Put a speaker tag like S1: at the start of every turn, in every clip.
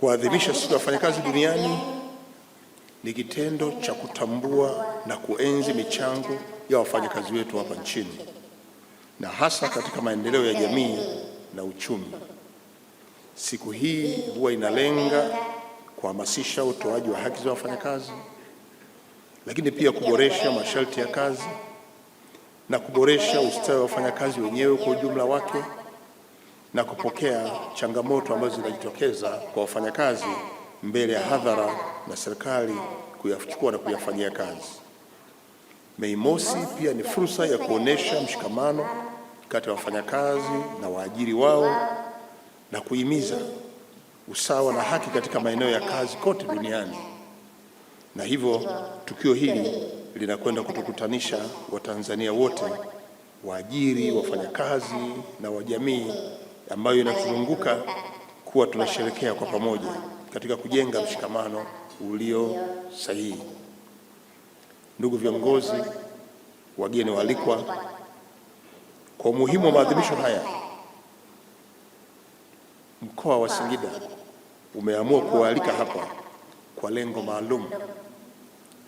S1: Kuadhimisha siku ya wafanyakazi duniani ni kitendo cha kutambua na kuenzi michango ya wafanyakazi wetu hapa nchini na hasa katika maendeleo ya jamii na uchumi. Siku hii huwa inalenga kuhamasisha utoaji wa haki za wafanyakazi, lakini pia kuboresha masharti ya kazi na kuboresha ustawi wa wafanyakazi wenyewe kwa ujumla wake na kupokea changamoto ambazo zinajitokeza kwa wafanyakazi mbele ya hadhara na serikali kuyachukua na kuyafanyia kazi. Mei Mosi pia ni fursa ya kuonesha mshikamano kati ya wafanyakazi na waajiri wao na kuhimiza usawa na haki katika maeneo ya kazi kote duniani, na hivyo tukio hili linakwenda kutukutanisha Watanzania wote, waajiri, wafanyakazi na wajamii ambayo inatuzunguka kuwa tunasherekea kwa pamoja katika kujenga mshikamano ulio sahihi. Ndugu viongozi, wageni waalikwa, kwa umuhimu wa maadhimisho haya, mkoa wa Singida umeamua kuwaalika hapa kwa lengo maalum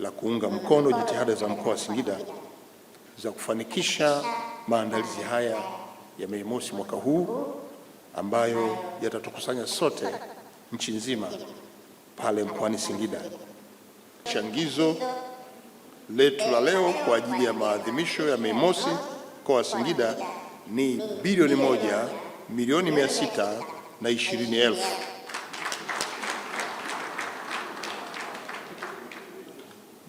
S1: la kuunga mkono jitihada za mkoa wa Singida za kufanikisha maandalizi haya ya Mei Mosi mwaka huu ambayo yatatukusanya sote nchi nzima pale mkoani Singida. Changizo letu la leo kwa ajili ya maadhimisho ya Mei Mosi mkoa wa Singida ni bilioni moja milioni mia sita na ishirini elfu.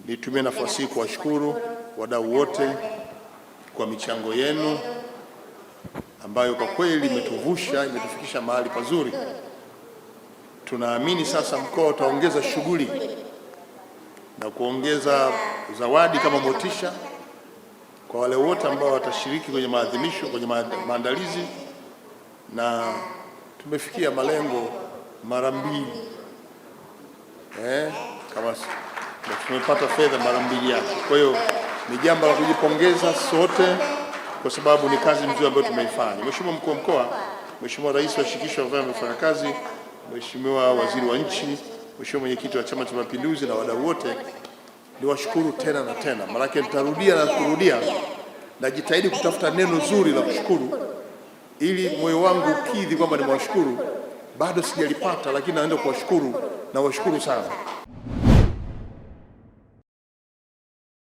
S1: Nitumie nafasi hii kuwashukuru wadau wote kwa michango yenu ambayo kwa kweli imetuvusha, imetufikisha mahali pazuri. Tunaamini sasa mkoa utaongeza shughuli na kuongeza zawadi kama motisha kwa wale wote ambao watashiriki kwenye maadhimisho, kwenye maandalizi, na tumefikia malengo mara mbili eh, kama tumepata fedha mara mbili yake. Kwa hiyo ni jambo la kujipongeza sote kwa sababu ni kazi nzuri ambayo tumeifanya. Mheshimiwa mkuu wa mkoa, Mheshimiwa rais wa shirikisho la vyama kazi, Mheshimiwa waziri wa nchi, Mheshimiwa mwenyekiti wa Chama cha Mapinduzi na wadau wote, niwashukuru tena na tena, maanake nitarudia na kurudia. Najitahidi kutafuta neno zuri la kushukuru ili moyo wangu ukidhi kwamba nimewashukuru. Bado sijalipata, lakini naenda kuwashukuru na washukuru sana.